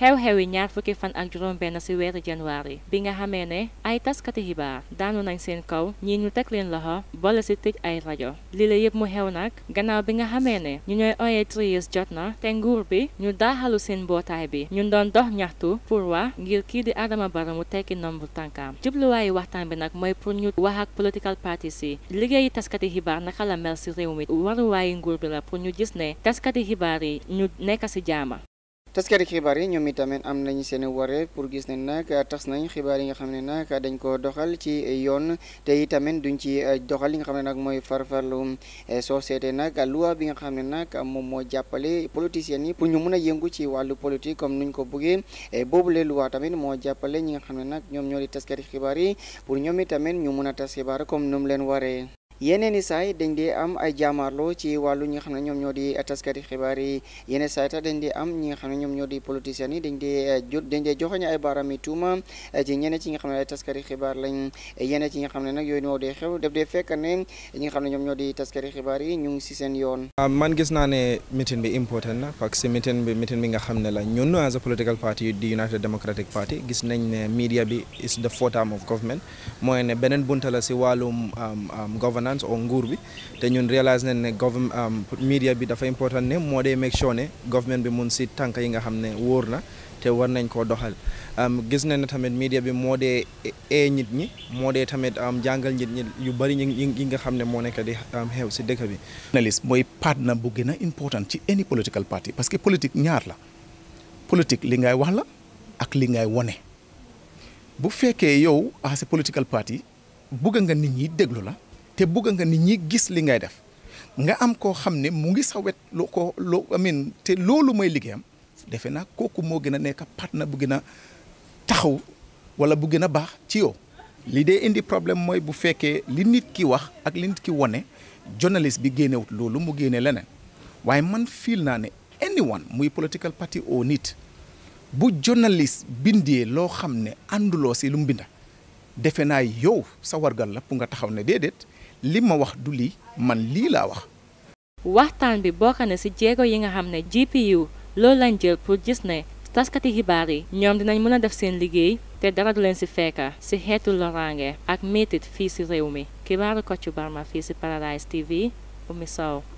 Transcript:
xew-xew yi ñaar fukki fan ak juróom benn ci weeru janwaari bi nga xamee ne ay taskati xibaar daanu nañ seen kaw ñii ñu teg leen loxo boole ci tëj ay rajo lii la yëpp mu xew nag gannaaw bi nga xamee ne ñu ñooy oyee Three-Years jot na te nguur bi ñu daaxalu seen mbootaay bi ñu doon dox ñaxtu pour waa ngir kii di Adama Barrow mu tekki nombre tànkaam jubluwaayu waxtaan bi nag mooy pour ñu wax ak political parties yi liggéeyi taskati xibaar naka la mel ci réew mi waruwaayu nguur bi la pour ñu gis ne taskati xibaar yi ñu nekk ci jaama taskari xibaar yi ñoom itamit am nañ seen waree pour gis ne nag tas nañ xibaar yi nga xam ne nag dañ ko doxal ci yoon te itamit duñ ci doxal li nga xam ne nag mooy farfarlu eh, société nag loi bi nga xam ne nag moom moo jàppale politiciens yi pour ñu mun a yëngu ci wàllu politique comme nuñ ko bëggee eh, boobule loi tamit moo jàppale ñi nga xam ne nag ñoom ñoo di taskari xibaar yi pour ñoom itamit ñu mun a tas xibaar comme nu leen waree. yeneen i saay dañ di am ay jaamaarloo ci wàllu ñi xam ne ñoom ñoo di taskati xibaar yi yeneen saay tax dañ di am ñi xam ne ñoom ñoo di politiciens yi dañ di eh, jot dañ di joxoñ ay baaraam yi tuuma eh, ci ñeneen ci nga xam ne ay nag yooyu moo dee xew def dee fekk ne ñi xam ne ñoom ñoo di taskati xibaar yi ñu ngi si seen yoon ah, man gis naa ne meeting bi important na parce que meeting bi nga xam ne la ñun as a political party di United Democratic Party gis nañ ne media bi is the fourth arm of government governance o nguur bi te ñun réalise nañ ne media bi dafa important ne moo dee make sure ne government bi mun si tànk yi nga xam ne wóor na te war nañ koo doxal gis nañ ne tamit media bi moo dee ee e nit ñi moo dee tamit jàngal nit ñi yu bëri yi nga xam ne moo nekk di xew si dëkk bi. mooy partner bu gën na important ci any political party parce que politique ñaar la politique li ngay wax la ak li ngay wone bu fekkee yow ah, a a political party bugg nga nit ñi déglu la. te bëgg nga nit ñi gis li ngay def nga am koo xam ne mu ngi sa wet lu ko lu amin te loolu mooy liggéeyam defe nag kooku moo gën a nekk partenaire bu gën a taxaw wala bu gën a baax ci yow. li dee indi problème mooy bu fekkee li nit ki wax ak li nit ki wone journaliste bi génnewut loolu mu génne leneen waaye man fiil naa ne anyone muy political party oo nit bu journaliste bindee loo xam ne ànduloo si lu mu binda defe naa yow sa wargal la pour nga taxaw ne déedéet li ma wax du man lii la wax. waxtaan bi bokk ne ci jéego yi nga xam ne GPU loolu lañ jël pour gis ne taskati xibaar yi ñoom dinañ mën a def seen liggéey te dara du leen ci fekka ci xeetu loraange ak métit fii ci réew mi xibaaru Kocc Barma fii ci Paradise TV Oumy Sow